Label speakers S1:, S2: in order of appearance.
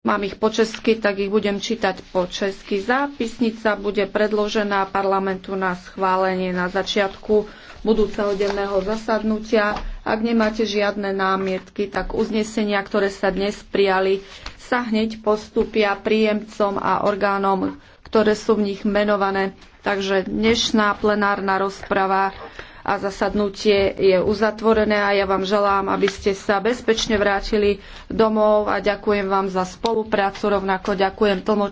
S1: Mám ich po česky, tak ich budem čítať po česky. Zápisnica bude predložená parlamentu na schválenie na začiatku budúceho denného zasadnutia. Ak nemáte žiadne námietky, tak uznesenia, ktoré sa dnes prijali, sa hneď postupia príjemcom a orgánom, ktoré sú v nich menované. Takže dnešná plenárna rozprava a zasadnutie je uzatvorené a ja vám želám, aby ste sa bezpečne vrátili domov a ďakujem vám za
S2: spoluprácu, rovnako ďakujem tlmočníkom.